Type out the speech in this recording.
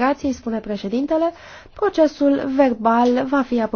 administrației, spune președintele, procesul verbal va fi apoi.